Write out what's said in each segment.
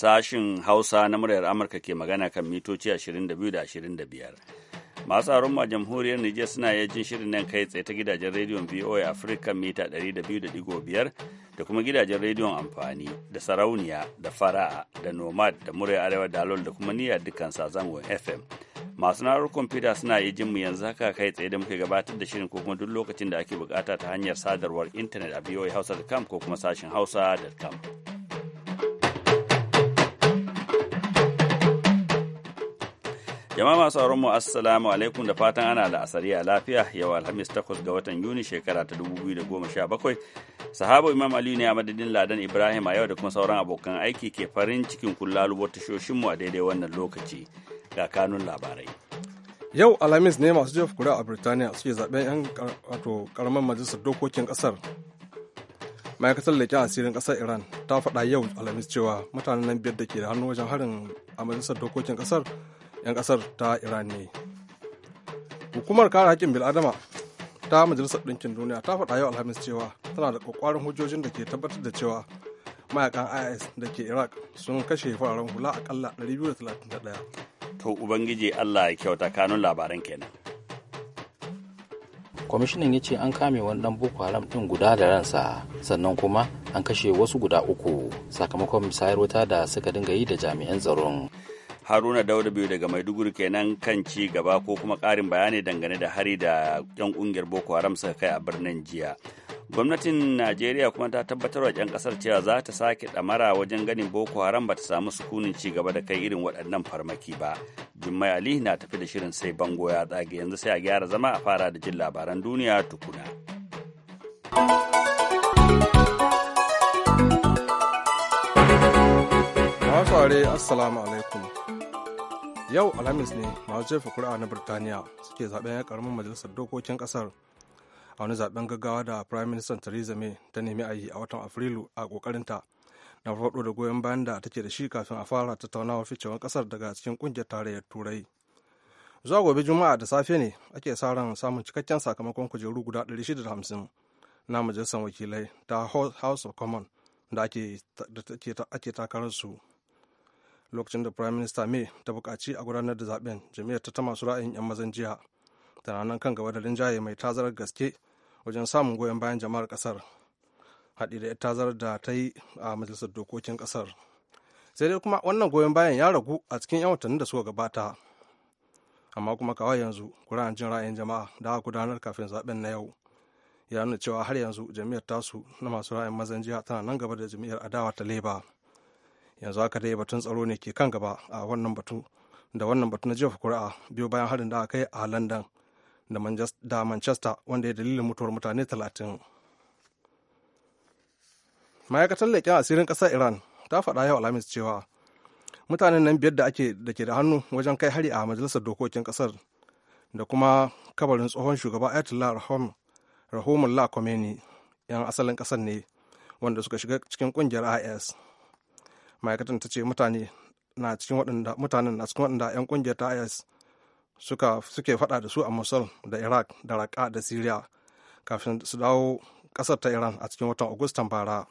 sashin Hausa na muryar Amurka ke magana kan mitoci 22 da 25. Masu aron ma jamhuriyar Nijar suna iya jin shirin nan kai tsaye ta gidajen rediyon VOA Africa mita 200.5 da kuma gidajen rediyon amfani da sarauniya da fara'a da nomad da muryar arewa da alol da kuma niyyar dukkan sazangon FM. masu na'urar kwamfuta suna yi jinmu yanzu haka kai tsaye da muke gabatar da shirin ko kuma duk lokacin da ake bukata ta hanyar sadarwar intanet a voahausa.com ko kuma sashen hausa.com. Jama'a masu sauran mu assalamu alaikum da fatan ana da asariya lafiya yau Alhamis takwas ga watan Yuni shekara ta biyu da 2017. Sahabo Imam Aliyu ne a madadin Ladan Ibrahim a yau da kuma sauran abokan aiki ke farin cikin kullalubo tashoshin mu a daidai wannan lokaci ga kanun labarai. Yau Alhamis ne masu jefa kura a Birtaniya suke zaben 'yan karamar majalisar dokokin kasar ma'aikatar leƙen asirin ƙasar iran ta faɗa yau alhamis cewa mutanen nan biyar da ke da hannu wajen harin a majalisar dokokin ƙasar 'yan kasar ta iran ne hukumar kare haƙƙin bil'adama ta majalisar ɗinkin duniya ta faɗa yau alhamis cewa tana da ƙwaƙwarin hujjojin da ke tabbatar da cewa mayakan is da ke iraq sun kashe fararen hula akalla 231 to ubangiji allah ya kyauta kanun labaran kenan kwamishinan ya ce an kame wani dan boko haram din guda da ransa sannan kuma an kashe wasu guda uku sakamakon misayar wuta da suka dinga yi da jami'an tsaron haruna dauda biyu daga maiduguri kenan kan ci gaba ko kuma ƙarin bayani dangane da hari da 'yan ƙungiyar boko haram suka kai a birnin jiya gwamnatin najeriya kuma ta tabbatar wa 'yan kasar cewa za ta sake ɗamara wajen ganin boko haram ba ta samu sukunin ci gaba da kai irin waɗannan farmaki ba jummai ali na tafi da shirin sai bango ya tsage yanzu sai a gyara zama a fara da jin labaran duniya tukuna assalamu alaikum yau alhamis ne masu jefa kuri'a na birtaniya suke zaben ya karamin majalisar dokokin kasar a wani zaben gaggawa da prime minister theresa may ta nemi a yi a watan afrilu a kokarin ta na farfado da goyon bayan da take da shi kafin a fara tattaunawar ficewar kasar daga cikin kungiyar tarayyar turai zuwa gobe juma'a da safe ne ake sa ran samun cikakken sakamakon kujeru guda ɗari 650 na majalisar wakilai ta house of commons da ake takararsu lokacin da prime minister may ta bukaci a gudanar da zaben jam'iyyar ta masu ra'ayin 'yan mazan jiya tana nan kan gaba da linjaye mai tazarar gaske wajen samun goyon bayan jama'ar ƙasar haɗi da tazarar da ta yi a majalisar dokokin kasar sai dai kuma wannan goyon bayan ya ragu a cikin 'yan watannin da suka gabata amma kuma kawai yanzu kuran jin ra'ayin jama'a da aka gudanar kafin zaben na yau ya nuna cewa har yanzu jami'ar tasu na masu ra'ayin mazan jiha tana nan gaba da jami'ar adawa ta leba yanzu haka dai batun tsaro ne ke kan gaba a wannan batun da wannan batu na jefa kuri'a biyu bayan harin da aka yi a london da manchester wanda ya dalilin mutuwar mutane talatin ma'aikatar leƙen asirin ƙasar iran ta faɗa yau alhamis cewa mutanen nan biyar da ake da ke da hannu wajen kai hari a majalisar dokokin ƙasar da kuma kabarin tsohon shugaba ayatollah rahomullah khomeini yan asalin ƙasar ne wanda suka shiga cikin ƙungiyar is ma'aikatan ta ce mutane na cikin waɗanda mutanen na cikin waɗanda 'yan ƙungiyar ta is suka suke faɗa da su a mosul da iraq da raqqa da syria kafin su dawo ƙasar ta iran a cikin watan agustan bara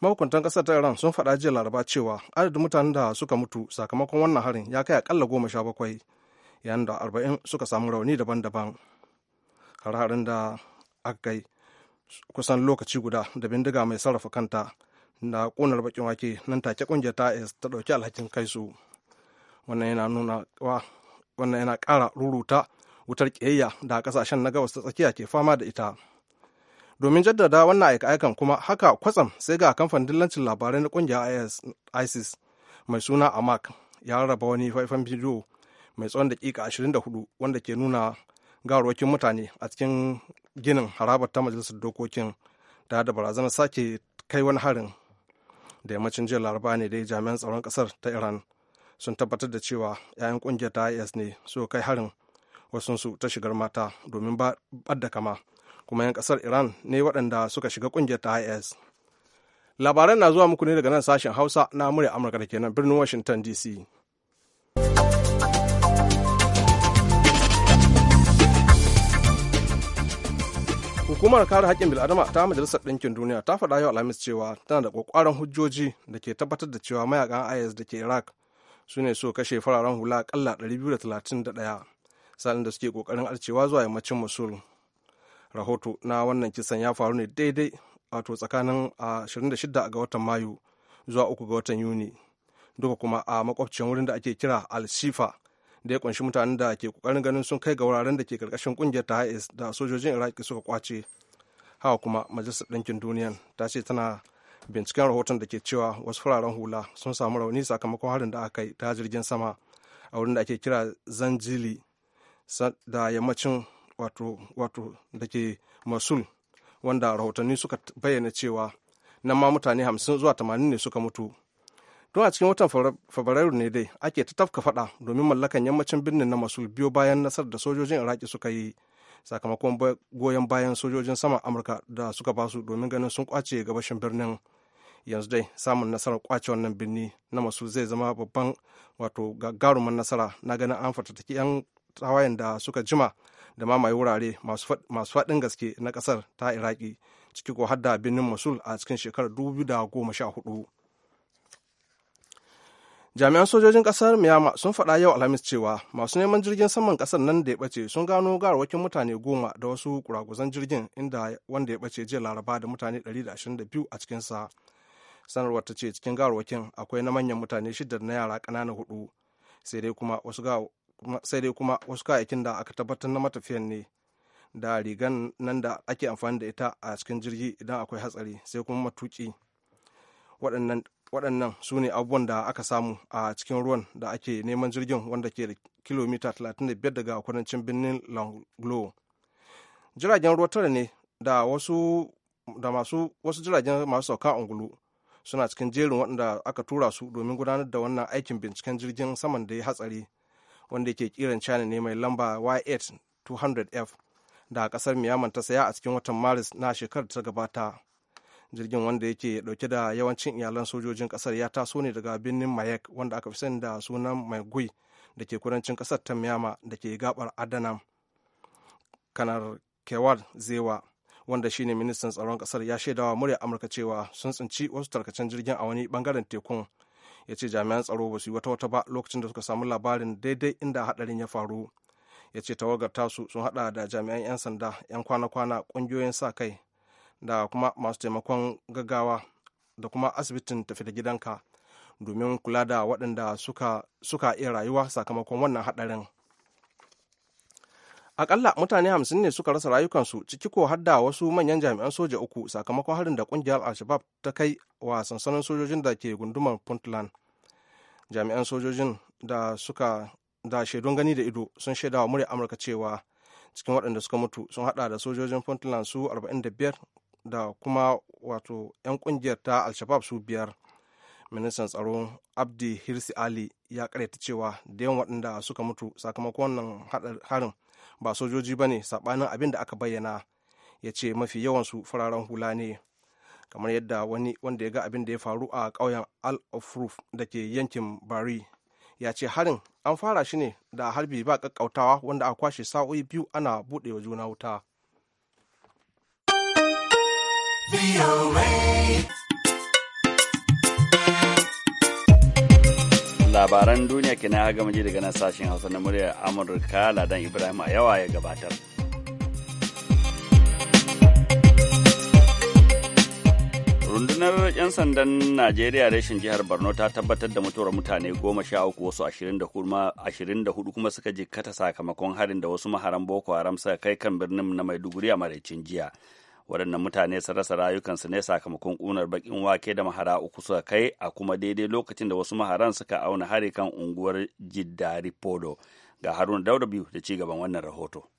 mahukuntan ƙasar ta iran sun faɗa jiya laraba cewa adadin mutanen da suka mutu sakamakon wannan harin ya kai akalla goma sha bakwai yayin da arba'in suka samu rauni daban-daban har-harin da aka kai kusan lokaci guda da bindiga mai sarrafa kanta da ƙunar bakin wake nan take ƙungiyar ta is ta ɗauki alhakin kai su wannan yana nuna wa wannan yana ƙara ruruta wutar ƙiyayya da ƙasashen na gabas ta tsakiya ke fama da ita domin jaddada wannan aika-aikan kuma haka kwatsam sai ga kamfanin dillancin labarai na ƙungiyar isis mai suna amak ya raba wani faifan bidiyo mai tsawon daƙiƙa 24 wanda ke nuna gawarwakin mutane a cikin ginin harabar ta majalisar dokokin da da barazanar sake kai wani harin da yammacin jiya laraba ne dai jami'an tsaron kasar ta iran sun tabbatar da cewa 'ya'yan kungiyar ta is ne su kai harin wasunsu ta shigar mata domin da kama kuma 'yan kasar iran ne waɗanda suka shiga kungiyar ta is labaran na zuwa muku ne daga nan sashen hausa na murya amurka da kenan birnin washington dc hukumar kare haƙƙin bil'adama ta majalisar ɗinkin duniya ta faɗa yau alhamis cewa tana da ƙwaƙwaran hujjoji da ke tabbatar da cewa mayakan is da ke iraq su ne so kashe fararen hula ƙalla 231 sa'in da suke ƙoƙarin arcewa zuwa yammacin mosul rahoto na wannan kisan ya faru ne daidai wato tsakanin 26 ga watan mayu zuwa 3 ga watan yuni duka kuma a makwabcin wurin da ake kira al-shifa da ya kunshi mutanen da ke kokarin ganin sun kai ga wuraren da ke karkashin kungiyar ta is da sojojin iraki suka kwace hawa kuma majalisar ɗinkin duniya ta ce tana binciken rahoton da ke cewa wasu fararen hula sun samu rauni sakamakon harin da aka yi ta jirgin sama a wurin da ake kira zanjili da yammacin wato wato da ke masul wanda rahotanni suka bayyana cewa nan ma mutane hamsin zuwa tamanin ne suka mutu don a cikin watan fabrairu ne dai ake ta tafka fada domin mallakan yammacin birnin na masul biyo bayan nasar da sojojin iraki suka yi sakamakon goyon bayan sojojin saman amurka da suka basu domin ganin sun kwace gabashin birnin yanzu dai samun nasarar kwace wannan birni na masul zai zama babban wato gagarumin nasara na ganin an fatattaki yan tawayen da suka jima da mamaye wurare masu faɗin gaske na ƙasar ta iraki ciki ko hadda birnin masul a cikin shekarar 2014 jami'an sojojin kasar miyama sun faɗa yau alhamis cewa masu neman jirgin saman kasar nan da ya ɓace sun gano garwakin mutane goma da wasu kuraguzan jirgin inda wanda ya ɓace jiya laraba da mutane 122 a cikinsa sanarwar ta ce cikin garwakin akwai na manyan mutane shida na yara ƙanana hudu sai dai kuma wasu kayayyakin da aka tabbatar na matafiyan ne da rigan nan da ake amfani da ita a cikin jirgi idan akwai hatsari sai kuma matuki waɗannan waɗannan su ne abubuwan da aka samu a cikin ruwan da ake neman jirgin wanda ke da kilomita 35 daga kudancin birnin langlo jiragen ruwa tara ne da wasu da masu wasu jiragen masu sauka ungulu suna cikin jerin waɗanda aka tura su domin gudanar da wannan aikin binciken jirgin saman da ya hatsari wanda yake kiran china ne mai lamba y8 f da kasar miyaman ta saya a cikin watan maris na shekarar ta gabata jirgin wanda yake dauke da yawancin iyalan sojojin kasar ya taso ne daga birnin mayek wanda aka fi sani da sunan maigui da ke kudancin kasar ta miyama da ke gabar adanam kanar kewar zewa wanda shine ministan tsaron kasar ya shaidawa murya amurka cewa sun tsinci wasu tarkacen jirgin a wani bangaren tekun ya ce jami'an tsaro ba su yi wata wata ba lokacin da suka samu labarin daidai inda hadarin ya faru ya ce tawagar tasu sun hada da jami'an 'yan sanda 'yan kwana-kwana kungiyoyin sa kai da kuma masu taimakon gaggawa da kuma asibitin tafi da gidanka domin kula da waɗanda suka, suka iya rayuwa sakamakon wannan haɗarin. Akalla mutane hamsin ne suka rasa rayukansu ciki ko hadda wasu manyan jami'an soja uku sakamakon harin da kungiyar alshabab ta kai wa sansanin sojojin da ke gundumar Puntland. Jami'an sojojin da suka da shaidun gani da ido sun shaida murya Amurka cewa cikin waɗanda suka mutu sun hada da sojojin Puntland su 45 da kuma wato 'yan kungiyar ta al-shabab su biyar ministan tsaro abdi hirsi ali ya karyata cewa da yawan waɗanda suka mutu sakamakon wannan harin ba sojoji ba ne saɓanin abin da aka bayyana ya ce mafi yawansu fararen hula ne kamar yadda wani wanda ya ga abin da ya faru a ƙauyen al of da ke yankin bari ya ce harin an fara shi ne da harbi ba ƙaƙƙautawa wanda a kwashe sa'o'i biyu ana buɗewa juna wuta labaran duniya ke na gama daga nan sashen hausa na muryar amurka ladan ibrahim a yawa ya gabatar rundunar 'yan sandan najeriya reshin jihar borno ta tabbatar da mutuwar mutane goma sha uku wasu ashirin da hudu kuma suka jikkata sakamakon harin da wasu maharan boko haram suka kai kan birnin na maiduguri a maraicin jiya waɗannan mutane sun rasa rayukansu ne sakamakon ƙunar baƙin wake da mahara uku suka kai a kuma daidai lokacin da wasu maharan suka auna hari kan unguwar jiddari podo ga haruna dauda biyu da ci gaban wannan rahoto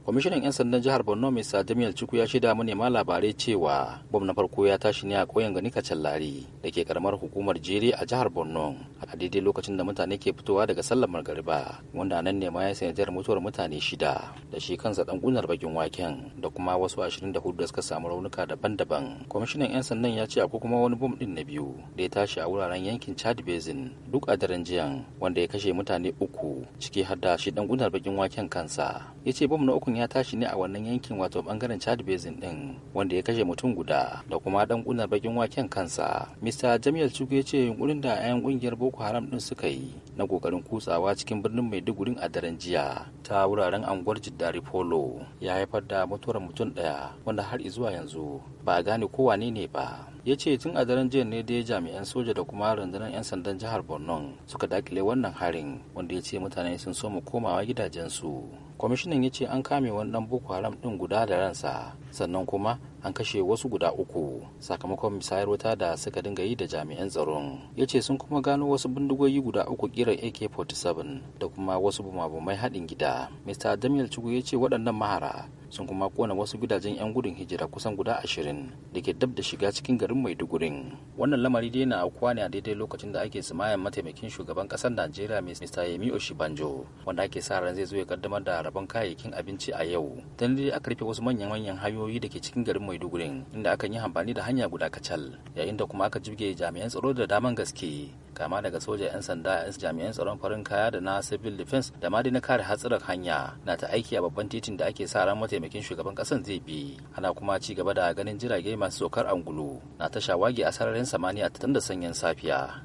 kwamishinan 'yan sandan jihar borno mai jamiel ciku ya shaida manema labarai cewa bom na farko ya tashi ne a ƙauyen gani kacallari da ke karamar hukumar jere a jihar borno a daidai lokacin da mutane ke fitowa daga sallar magariba wanda nan ne ma ya sanadiyar mutuwar mutane shida da shi kansa dan gunar bakin waken da kuma wasu ashirin da hudu da suka samu raunuka daban-daban kwamishinan 'yan sandan ya ce akwai kuma wani bom din na biyu da ya tashi a wuraren yankin chad basin duk a daren jiyan wanda ya kashe mutane uku ciki har da shi dan gunar bakin waken kansa ya ce bom na ukun ya tashi ne a wannan yankin wato bangaren Chad Basin din wanda ya kashe mutum guda da kuma dan kunar bakin waken kansa. Mr. jamiyar chukwu ya ce yunkurin da 'yan kungiyar Boko Haram din suka yi na kokarin kutsawa cikin birnin Maiduguri a daren jiya ta wuraren anguwar Jiddari Polo ya haifar da mutuwar mutum daya wanda har zuwa yanzu ba a gane ko wane ne ba. ya ce tun a daren jiya ne da ya jami'an soja da kuma rundunar 'yan sandan jihar borno suka dakile wannan harin wanda ya ce mutane sun so mu komawa gidajensu kwamishinan ya ce an kame wannan boko haram din guda da ransa sannan kuma an kashe wasu guda uku sakamakon misayar wuta da suka dinga yi da jami'an tsaron ya ce sun kuma gano wasu bindigogi guda uku kiran ak-47 da kuma wasu bumabumai haɗin gida mr damiel chukwu ya ce waɗannan mahara sun kuma kona wasu gidajen 'yan gudun hijira kusan guda ashirin da ke dab da shiga cikin garin maidugurin wannan lamari dai na aukuwa ne a daidai lokacin da ake tsimayen mataimakin shugaban kasar najeriya mr yemi oshibanjo wanda ake sa ran zai zo ya kaddamar da rabon kayayyakin abinci a yau dan dai aka rufe wasu manyan manyan hanyoyi da ke cikin garin maidugurin inda aka yi amfani da hanya guda kacal yayin da kuma aka jibge jami'an tsaro da daman gaske kama daga soja 'yan sanda 'yan jami'an tsaron farin kaya da na civil defense da ma dai na kare hatsarin hanya na ta aiki a babban titin da ake sa ran mataimakin mataimakin shugaban kasan zai bi ana kuma ci gaba da ganin jirage masu saukar angulu na ta shawagi a sararin samaniya ta da sanyin safiya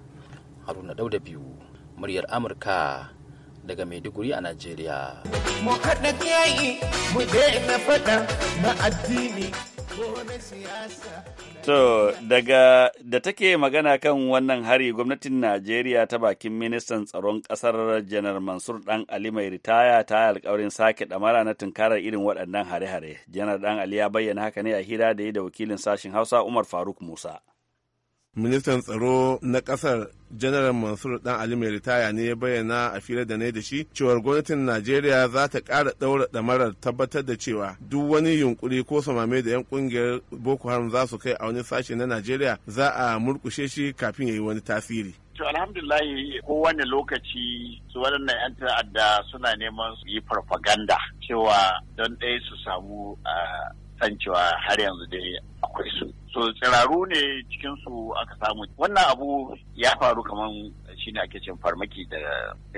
haruna dau da biyu muryar amurka daga maiduguri a nigeria. mu haɗa mu daina faɗa na addini To, daga da take magana kan wannan hari gwamnatin Najeriya ta bakin ministan tsaron ƙasar Janar Mansur Dan Ali mai ritaya ta yi alkawarin sake ɗamara na tunkarar irin waɗannan hare-hare. Janar Dan Ali ya bayyana haka ne a hira da ya da wakilin sashen Hausa Umar Faruk Musa. ministan tsaro na kasar Janaral mansur dan ali mai ritaya ne ya bayyana a fira da ne da shi cewar gwamnatin najeriya za ta ƙara daura marar tabbatar da cewa duk wani yunkuri ko samame da 'yan ƙungiyar boko haram za su kai a wani sashe na najeriya za a murkushe shi kafin ya yi wani tasiri to ko kowane lokaci su waɗannan 'yan ta'adda suna neman su yi farfaganda cewa don ɗaya su samu ah, san cewa har yanzu dai akwai su to tsiraru ne cikinsu aka samu wannan abu ya faru kamar shine ake cin farmaki da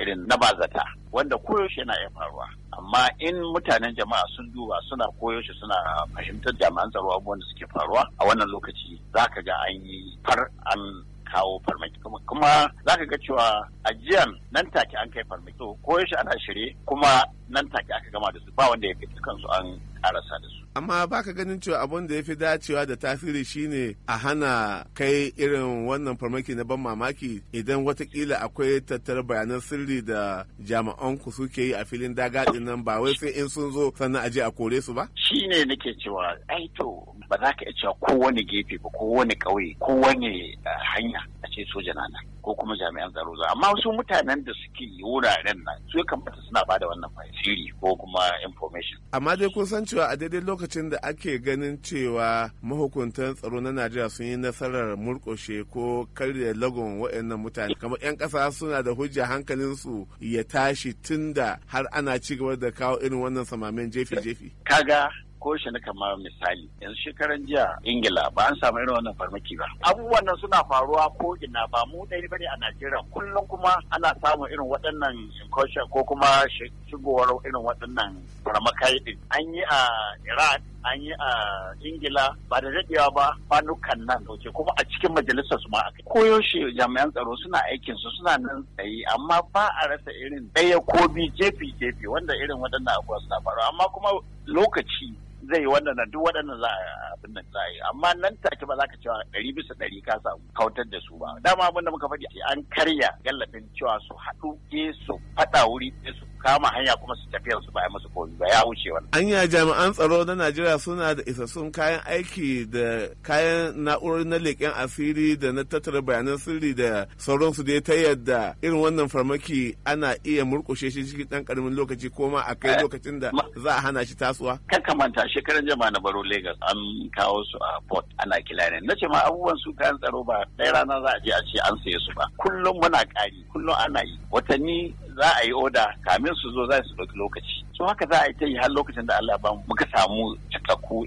irin na bazata wanda koyaushe yana iya faruwa amma in mutanen jama'a sun duba suna koyaushe suna fahimtar jami'an tsaro abubuwan da suke faruwa a wannan lokaci za ka ga an yi far an kawo farmaki kuma za ka ga cewa ajiyan nan take an kai farmaki to koyaushe ana shirye kuma nan take aka gama da su ba wanda ya fi kansu an karasa da su amma baka ganin cewa abun da ya fi dacewa da tasiri shine a hana kai irin wannan farmaki na ban mamaki idan watakila akwai tattara bayanan sirri da jami'an ku suke yi a filin dagaɗin nan ba wai sai in sun zo sannan aje a kore su ba shine nake cewa ai to ba za ka iya cewa kowane gefe ba kowane ƙauye kowane eh, hanya a ce soja na nan ko kuma jami'an tsaro za amma wasu mutanen da suke wuraren nan su ya kamata suna bada wannan fasiri ko kuma information amma dai kun san cewa a daidai lokacin lokacin da ake ganin cewa mahukuntan tsaro na najeriya sun yi nasarar murkushe ko karya lagon waɗannan mutane kamar 'yan ƙasa suna da hujja hankalinsu ya tashi tunda har ana ci gaba da kawo irin wannan samamen jefi-jefi kaga ko shi na kamar misali yanzu shekaran jiya ingila ba an samu irin wannan farmaki ba abubuwan nan suna faruwa ko ina ba mu dai bane a najeriya kullum kuma ana samun irin waɗannan incursion ko kuma shigowar irin waɗannan farmakai din an yi a iraq an yi a ingila ba da daɗewa ba kwanukan nan dauke kuma a cikin majalisar su ma aka koyaushe jami'an tsaro suna aikin su suna nan tsaye amma ba a rasa irin ɗaya ko bi jefi jefi wanda irin waɗannan abubuwa suna faruwa amma kuma lokaci zai wannan na duk waɗannan za a abin nan za a yi amma nan take ba za ka cewa ɗari bisa ɗari ka samu kautar da su ba dama abin da muka faɗi an karya gallafin cewa su haɗu ke eh, su faɗa wuri eh, su kama hanya kuma su tafiya su ba musu komi ba ya wuce wannan. Anya jami'an tsaro na Najeriya suna da isassun kayan aiki da kayan na'urori na leƙen asiri da na tattara bayanan sirri da sauransu dai ta yadda irin wannan farmaki ana iya murƙushe shi cikin ɗan ƙaramin lokaci ko ma a kai eh, lokacin da za a hana shi tasowa. kan kamanta shi shekaran jama na baro Legas an kawo su a port ana kilarin na ce ma abubuwan su kayan tsaro ba ɗaya rana za a je a ce an saye su ba kullum muna kari kullum ana yi watanni za a yi oda kamin su zo za su ɗauki lokaci so haka za a yi ta yi har lokacin da Allah ba muka samu cikakku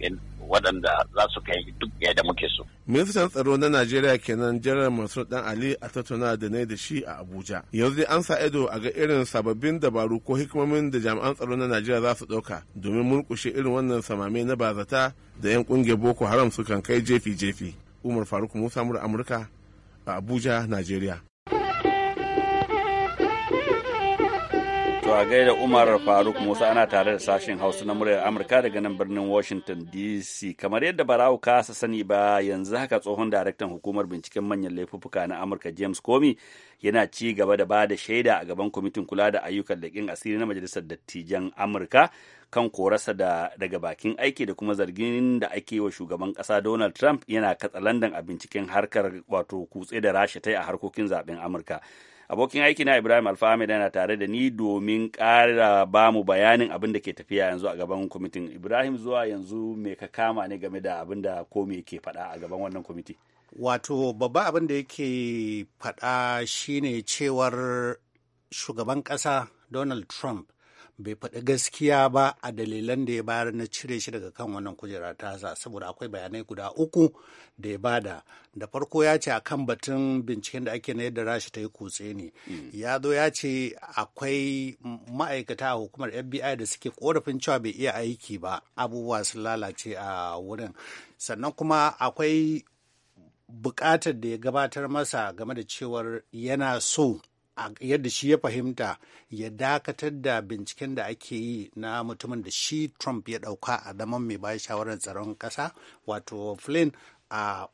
waɗanda za su kai duk yadda muke so. Ministan tsaro na Najeriya kenan Jiran Mansur Dan Ali a tattauna da ne da shi a Abuja. Yanzu dai an sa ido a ga irin sababbin dabaru ko hikimomin da jami'an tsaro na Najeriya za su ɗauka domin murƙushe irin wannan samame na bazata da 'yan ƙungiyar Boko Haram sukan kai jefi-jefi. Umar Faruk Musa Amurka a Abuja, Najeriya. a gaida Umar Faruk Musa ana tare da sashen Hausa na muryar Amurka daga nan birnin Washington DC. Kamar yadda Barau kasa sani ba yanzu haka tsohon daraktan hukumar binciken manyan laifuka na Amurka James Comey yana ci gaba da ba da shaida a gaban kwamitin kula da ayyukan leƙin asiri na Majalisar Dattijan Amurka kan korarsa da daga bakin aiki da kuma zargin da ake wa shugaban kasa Donald Trump yana katsalandan a binciken harkar wato kutse da rasha ta a harkokin zaben Amurka. abokin aiki na ibrahim alfahamid yana tare da ni domin ƙara ba mu bayanin abin da ke tafiya yanzu a gaban kwamitin ibrahim zuwa yanzu me ka kama ne game da abin da kome ke faɗa a gaban wannan kwamiti wato babba abin da yake faɗa shine cewar shugaban ƙasa donald trump bai faɗi gaskiya ba a dalilan da ya bayar na cire shi daga kan wannan kujera tasa saboda akwai bayanai guda uku da ya bada da farko ya ce a kan batun binciken da ake na yadda rashi ta yi kutse ne mm. ya zo ya ce akwai ma'aikata a hukumar fbi da suke korafin cewa bai iya aiki ba abubuwa sun lalace a wurin sannan kuma akwai bukatar da ya gabatar masa game da cewar yana so yadda shi ya fahimta ya dakatar da binciken da ake yi na mutumin da shi trump ya dauka a zaman mai bayan shawarar tsaron kasa wato flynn a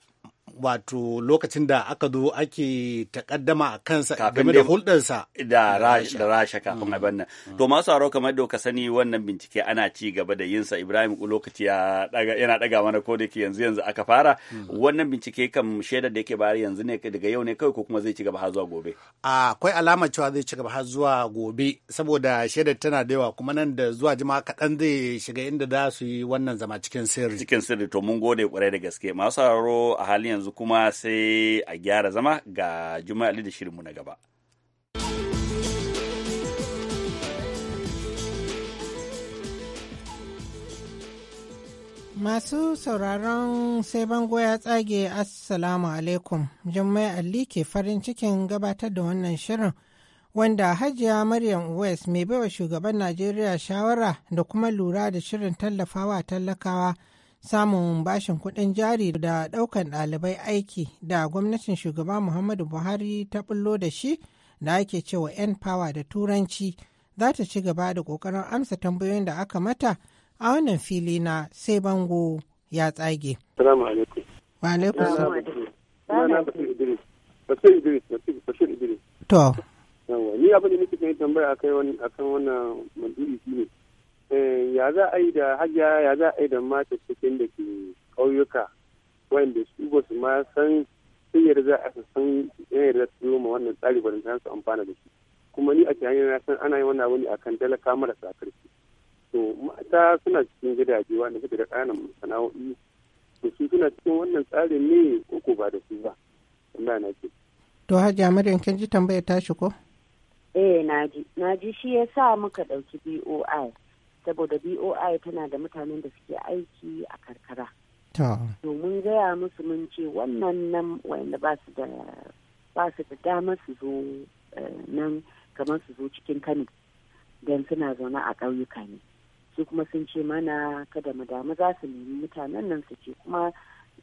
wato lokacin da aka zo ake takaddama a kansa game da hulɗarsa da rasha kafin abin nan mm. to masu haro kamar da ka sani wannan bincike ana ci gaba da yinsa ibrahim lokaci yana daga mana ko da ke yanzu yanzu aka fara mm. wannan bincike kam shaidar da yake bayar yanzu ne daga yau ne kawai ko kuma zai ci gaba har zuwa gobe akwai alamar cewa zai ci gaba har zuwa gobe saboda shaidar tana da yawa kuma nan da zuwa jima kaɗan zai shiga inda za su yi wannan zama cikin sirri cikin sirri to mun gode kwarai da gaske masu haro a halin yanzu kuma sai a gyara zama ga Juma'a da shirinmu na gaba. Masu sauraron sai bango ya tsage Assalamu alaikum, Jummai Ali ke farin cikin gabatar da wannan shirin wanda Hajiya Maryam West mai baiwa shugaban Najeriya shawara da kuma lura da shirin tallafawa talakawa samun bashin kudin jari da daukan dalibai aiki da gwamnatin shugaba Muhammadu Buhari ta bullo da shi da ake cewa 'yan fawa da turanci za ta ci gaba da kokarin amsa tambayoyin da aka mata a wannan fili na sai bango ya tsage. Salamu alaikum. Bashir To. Ni abin da nake kan tambaya akan wannan maudu'i shine Eh, ya za a yi da hajiya ya za a yi da mata cikin da ke ƙauyuka wanda su ba su ma san sun yarda za a san yan yarda su yi ma wannan tsari ba da su amfana da shi kuma ni a ke hanyar san ana yin wannan abu akan talaka marasa karfi to mata suna cikin gidaje wanda suke da ƙananan sana'o'i to su suna cikin wannan tsarin ne ko ko ba da su ba wanda na ce. to hajiya maryam kin ji tambayar tashi ko. eh na ji na ji shi ya sa muka ɗauki boi saboda boi tana da mutanen da suke aiki a karkara to mun gaya musu mun ce wannan nan wanda ba su da dama su zo eh, nan kamar su zo cikin kano don suna zaune a ƙauyuka ne su kuma sun ce mana kada mu damu za su nemi mutanen nan su ce kuma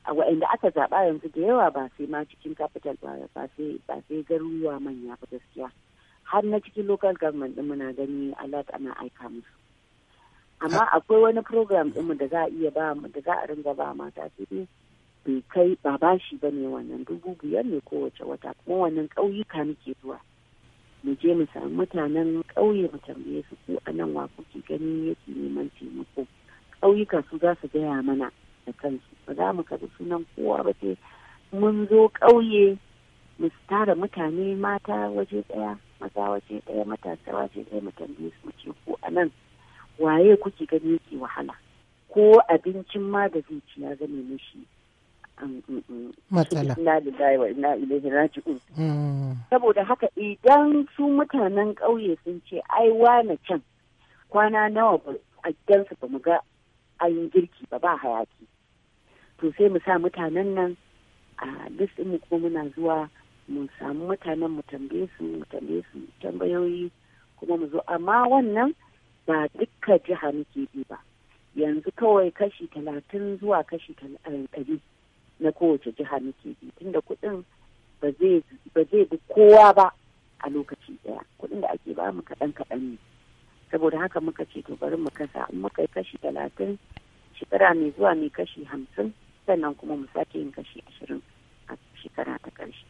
wa'inda aka zaɓa yanzu da yawa ba sai ma cikin capital ba sai garuruwa manya ba gaskiya har na cikin local government ɗin muna gani alat ana aika musu amma akwai wani program ɗinmu da za a iya ba mu da za a ringa ba mata su ne bai kai ba bashi ba ne wannan dubu biyar ne kowace wata kuma wannan ƙauyuka muke zuwa mu je mu samu mutanen ƙauye mu tambaye su ko a nan wa kuke gani yake neman taimako ƙauyuka su za su gaya mana da kansu ba za mu kaɗi sunan kowa ba sai mun zo ƙauye mu tara mutane mata waje ɗaya maza waje ɗaya matasa waje ɗaya mu tambaye su ce ko a nan waye kuke gani yake wahala ko abincin ma da zai ci ya zame mishi um, um, um, matsala hmm. saboda haka idan su mutanen ƙauye sun ce ai wane can kwana nawa a gidansu ba mu ga an girki ba ba hayaki to sai mu sa mutanen nan a listin mu kuma muna zuwa mu samu mutanen mu tambaye su mu tambaye su tambayoyi kuma mu zo amma wannan ba duka jiha muke bi ba yanzu kawai kashi talatin zuwa kashi ɗari na kowace jiha muke bi tunda kuɗin ba zai bi kowa ba a lokaci ɗaya kuɗin da ake ba mu kaɗan kaɗan ne saboda haka muka ce to bari mu kasa in muka yi kashi talatin shekara mai zuwa mai kashi hamsin sannan kuma mu sake yin kashi ashirin a shekara ta ƙarshe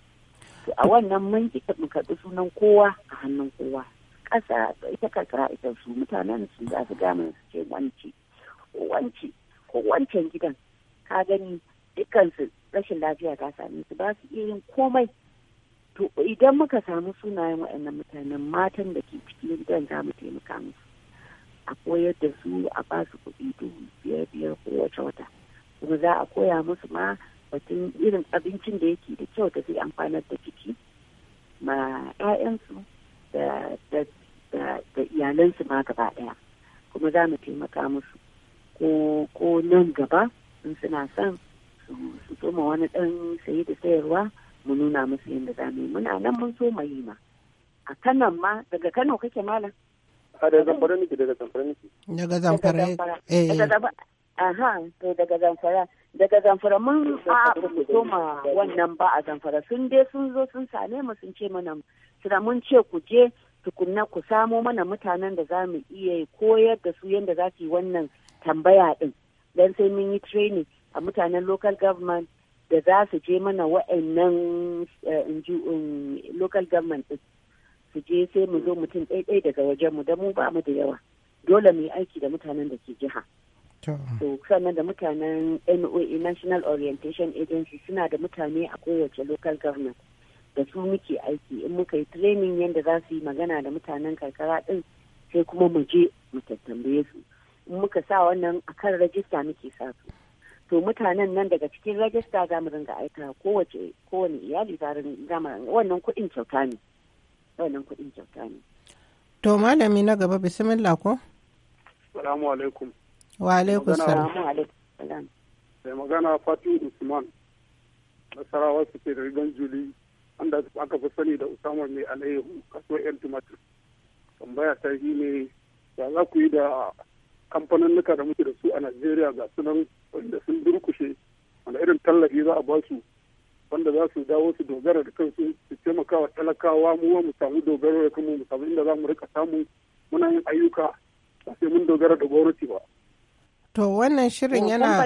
to a wannan mun kika mu kaɗi sunan kowa a hannun kowa ƙasa ita karkara ita su mutanen su za su gama su ce wance ko wancan gidan ka gani dukkansu rashin lafiya ta same su ba su iya yin komai to idan muka samu sunayen waɗannan mutanen matan da ke cikin gidan za mu taimaka musu a koyar da su a ba su kuɗi dubu biyar biyar kowace wata kuma za a koya musu ma batun irin abincin da yake da kyau da zai amfanar da ciki ma 'ya'yansu da da iyalansu ma gaba daya kuma za mu taimaka musu ko nan gaba in suna son su soma wani ɗan sayi da sayarwa mu nuna musu yadda za mu yi muna nan mun so yi ma a kanan ma daga kano kake malam daga zamfara daga zamfara nake daga zamfara eh. aha to daga zamfara daga zamfara mun a koma wannan ba a zamfara sun dai sun zo sun same mu sun ce mana suna mun ce ku je tukunna ku samo mana mutanen da za mu iya koyar da su yadda za su yi wannan tambaya din don sai mun yi training a mutanen local government da za su je mana wa'annan eh, local government din su je sai mu zo mutum ɗaiɗai daga wajenmu don mu ba mu da yawa dole mu yi aiki da mutanen da ke jiha so sannan da mutanen noa national orientation agency suna da mutane a kowace local government da su muke aiki in muka yi training yadda za su yi magana da mutanen karkara din sai kuma mu je mu tattambaye su in muka sa wannan akan rajista muke sa su to mutanen nan daga cikin rajista za mu ringa aika kowace kowane iyali za mu wannan kuɗin kyauta ne wannan kuɗin kyauta ne to malami na gaba bismillah ko assalamu alaikum wa alaikum salam sai magana fatu usman nasarawa suke da rigan juli wanda aka fi sani da usama mai alayyahu kasuwar yan tumatir tambaya ta shi ne ya za ku yi da nuka da muke da su a najeriya ga sunan wanda sun durkushe wanda irin tallafi za a ba su wanda za su dawo su dogara da kansu su taimaka wa talakawa mu mu samu dogaro da kanmu mu samu inda za mu rika samu muna yin ayyuka ba sai mun dogara da gwamnati ba To wannan shirin yana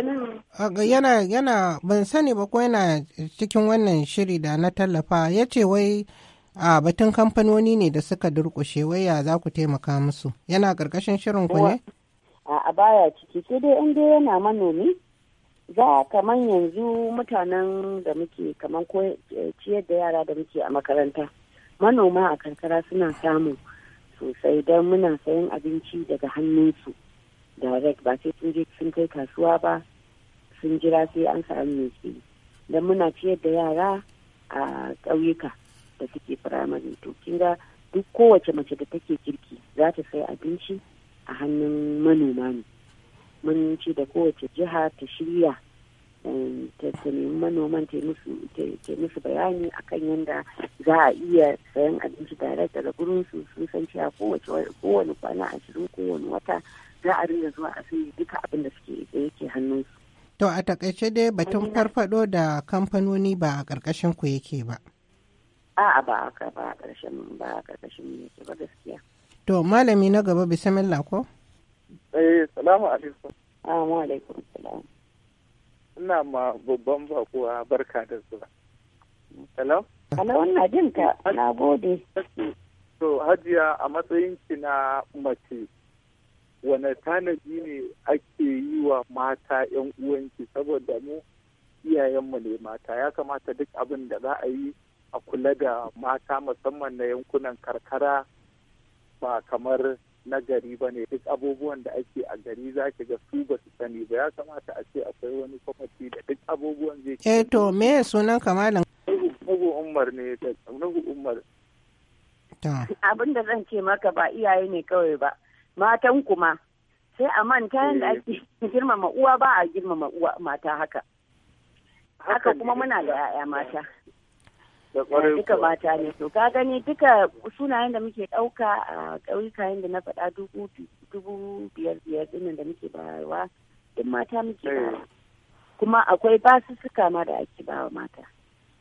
yana yana ban sani ba ko yana cikin wannan shiri da na tallafa ya ce wai a batun kamfanoni ne da suka durƙushe wai ya za ku taimaka musu yana ƙarƙashin shirin ku ne? A baya ciki sai dai in dai yana manomi za kamar yanzu mutanen da muke kamar ko eh, ciyar da yara da muke a makaranta manoma a karkara suna samu sosai don muna sayan abinci daga hannunsu. direct ba sai sun je sun kai kasuwa ba sun jira sai an samu mai siye don muna ciyar da yara a ƙauyuka da suke firamare to kin ga duk kowace mace da take kirki za ta sai abinci a hannun manoma ne mun ce da kowace jiha ta shirya ta nemi manoman ta musu bayani akan yadda za a iya sayan abinci tare daga gurin su sun san cewa kowane kwana ashirin kowane wata za a rinda zuwa a sayi duka abin da suke da yake hannun su. To a takaice dai batun farfado da kamfanoni ba a ƙarƙashin ku yake ba. A'a ba a ba a ƙarshen ba a ƙarƙashin yake ba gaskiya. To malami na gaba bisamillah ko? Eh salamu alaikum. Assalamu alaikum salam. ina ma babban bakuwa barka da zuwa. Hello? Hello, ina jin ka, na gode. To, hajiya a matsayin ki na mace, wane tanadi ne ake yi wa mata 'yan uwanki saboda mu iyayenmu ne mata ya kamata duk abin da za a yi a kula da mata musamman na yankunan karkara ba kamar na gari ba ne duk abubuwan da ake a gari za ki ga su ba su sani ba ya kamata a ce akwai wani kwamiti da duk abubuwan zai ke eh, to me sunan kamalin nuhu umar ne da nugu umar abin zan ce maka ba iyaye ne kawai ba matan kuma sai a manta yadda eh. ake girmama uwa ba a girmama uwa mata haka haka kuma muna da 'ya'ya mata duka mata ne to ka gani duka sunayen da muke ɗauka a ƙauyuka yadda na faɗa dubu biyar biyar dinnan da muke bayarwa duk mata muke eh. bayarwa kuma akwai basussuka ma da ake bawa mata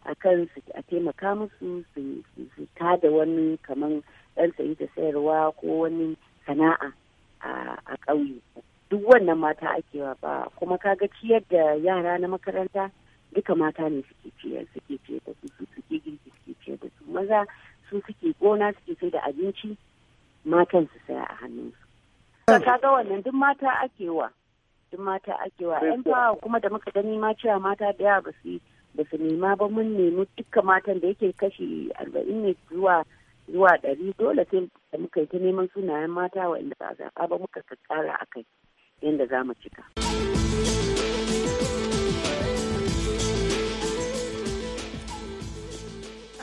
a kan su a taimaka musu su da wani kamar ɗan sayi da sayarwa ko wani sana'a a ƙauye duk wannan mata ake ba kuma kaga ciyar da yara na makaranta duka mata ne suke ciyar suke maza su suke gona suke sai da abinci matan su saya a hannunsu. Ka ga wannan duk mata ake wa duk mata ake wa yan fawa kuma da muka gani ma cewa mata da yawa ba su nema ba mun nemi dukkan matan da yake kashi arba'in ne zuwa zuwa ɗari dole sai da muka yi ta neman sunayen mata wa, inda za a zaɓa ba muka kakkara a kai yadda za mu cika.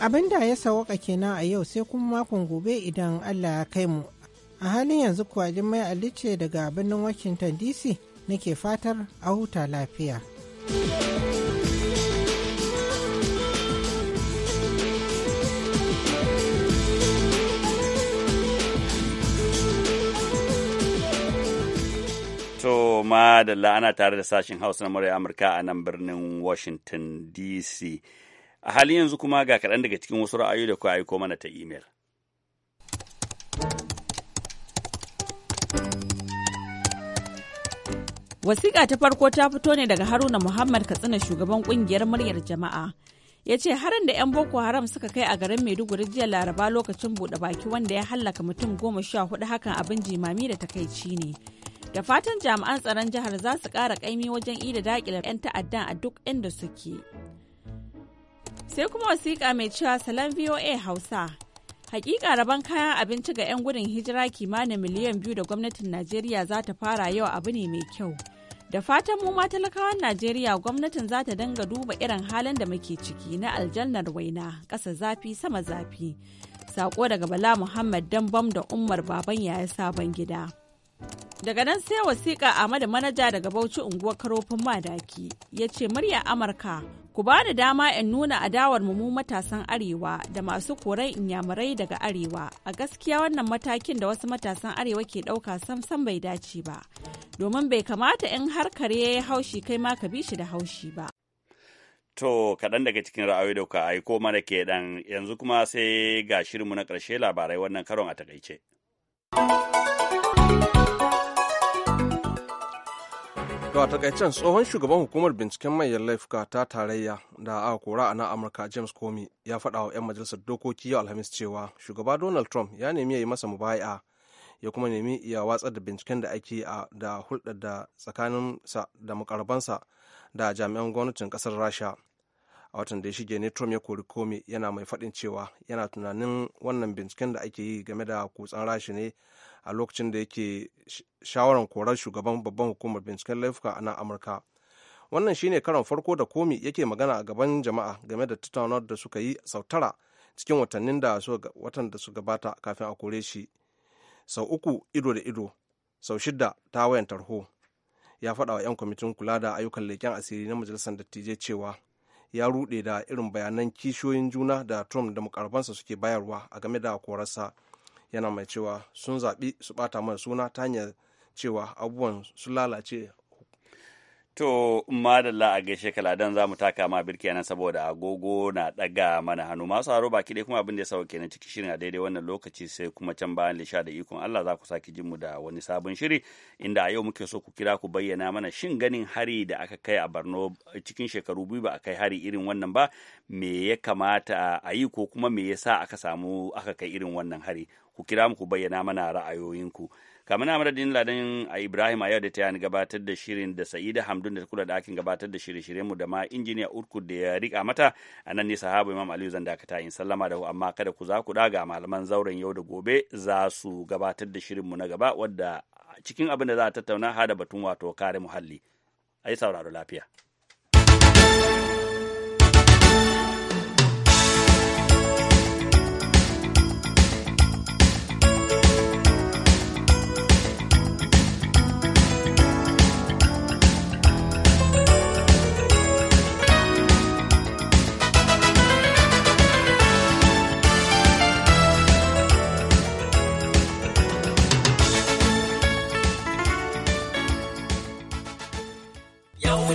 abin da ya sawaka kenan a yau sai kuma makon gobe idan allah ya kai mu a halin yanzu kuwa mai alice daga birnin washington dc nake fatar a huta lafiya to ma da la'ana tare da sashen hausa na murya amurka a nan birnin washington dc a halin yanzu kuma ga kaɗan daga cikin wasu ra'ayi da ku aiko mana ta imel. Wasiƙa ta farko ta fito ne daga Haruna Muhammad Katsina shugaban ƙungiyar muryar jama'a. Ya ce harin da 'yan Boko Haram suka kai a garin Maiduguri jiya Laraba lokacin buɗe baki wanda ya hallaka mutum goma sha hudu hakan abin jimami da takaici ne. Da fatan jami'an tsaron jihar za su ƙara ƙaimi wajen ida daƙilar 'yan ta'addan a duk inda suke. Sai kuma wasiƙa mai cewa salon VOA Hausa. Hakika rabon kayan abinci ga 'yan gudun hijira kimanin miliyan biyu da gwamnatin Najeriya za ta fara yau abu ne mai kyau. Da fatan mu ma talakawan Najeriya gwamnatin za ta danga duba irin halin da muke ciki na aljannar waina, ƙasa zafi sama zafi. Sako daga Bala Muhammad Dambam da Umar Baban Yaya Sabon Gida. Daga nan sai wasiƙa Ahmadu Manaja daga Bauchi unguwar Karofin Madaki ya ce murya Amurka Ku ba da dama in nuna adawar mu matasan Arewa da masu koran inyamurai daga Arewa. A gaskiya wannan matakin da wasu matasan Arewa ke ɗauka sam bai dace ba. Domin bai kamata in har kare ya yi haushi kai ma ka bi shi da haushi ba. To, kaɗan daga cikin ra'ayi da kuka aiko mana ke yanzu kuma sai ga shirinmu na ƙarshe labarai wannan karon a takaice. to a takaicen tsohon shugaban hukumar binciken manyan laifuka ta tarayya da aka kora a nan amurka james comey ya faɗa wa 'yan majalisar dokoki yau alhamis cewa shugaba donald trump ya nemi ya yi masa mubaya ya kuma nemi ya watsar da binciken da ake a da hulɗar da tsakaninsa da makarabansa da jami'an gwamnatin ƙasar rasha a watan da ya shige ne trump ya kori komi yana mai faɗin cewa yana tunanin wannan binciken da ake yi game da kutsan rashi ne a lokacin da yake shawarar korar shugaban babban hukumar binciken laifuka a nan amurka wannan shine karon farko da komi yake magana a gaban jama'a game da tattaunawar da suka yi sau tara cikin watannin da watan da su gabata kafin a kore shi sau uku ido da ido sau shida ta wayan tarho ya faɗa wa 'yan kwamitin kula da ayyukan leƙen asiri na majalisar dattijai cewa ya rude da irin bayanan kishiyoyin juna da trump da mukarbansa suke bayarwa a game da korarsa yana mai cewa sun zaɓi su ɓata mana suna ta hanyar cewa abubuwan sun lalace To, madalla a gaishe kaladan za mu taka ma birki nan saboda agogo na ɗaga mana hannu masu haro baki dai kuma abin da ya sauke kenan ciki shirin a daidai wannan lokaci sai kuma can bayan lisha da ikon Allah za ku sake jin mu da wani sabon shiri inda a yau muke so ku kira ku bayyana mana shin ganin hari da aka kai a barno cikin shekaru biyu ba a kai hari irin wannan ba me ya kamata a yi ko kuma me yasa aka samu aka kai irin wannan hari ku kira mu ku bayyana mana ra'ayoyinku. ku. kamar na madadin ladan ibrahim a yau da ta gabatar da shirin da sa'ida hamdun da kula da akin gabatar da shirye-shiryen mu da ma injiniya urku da ya rika mata a nan ne sahabu imam aliyu zan dakata in sallama da amma kada ku za ku daga malaman zauren yau da gobe za su gabatar da shirin mu na gaba wadda cikin abin da za a tattauna hada batun wato kare muhalli a sauraro lafiya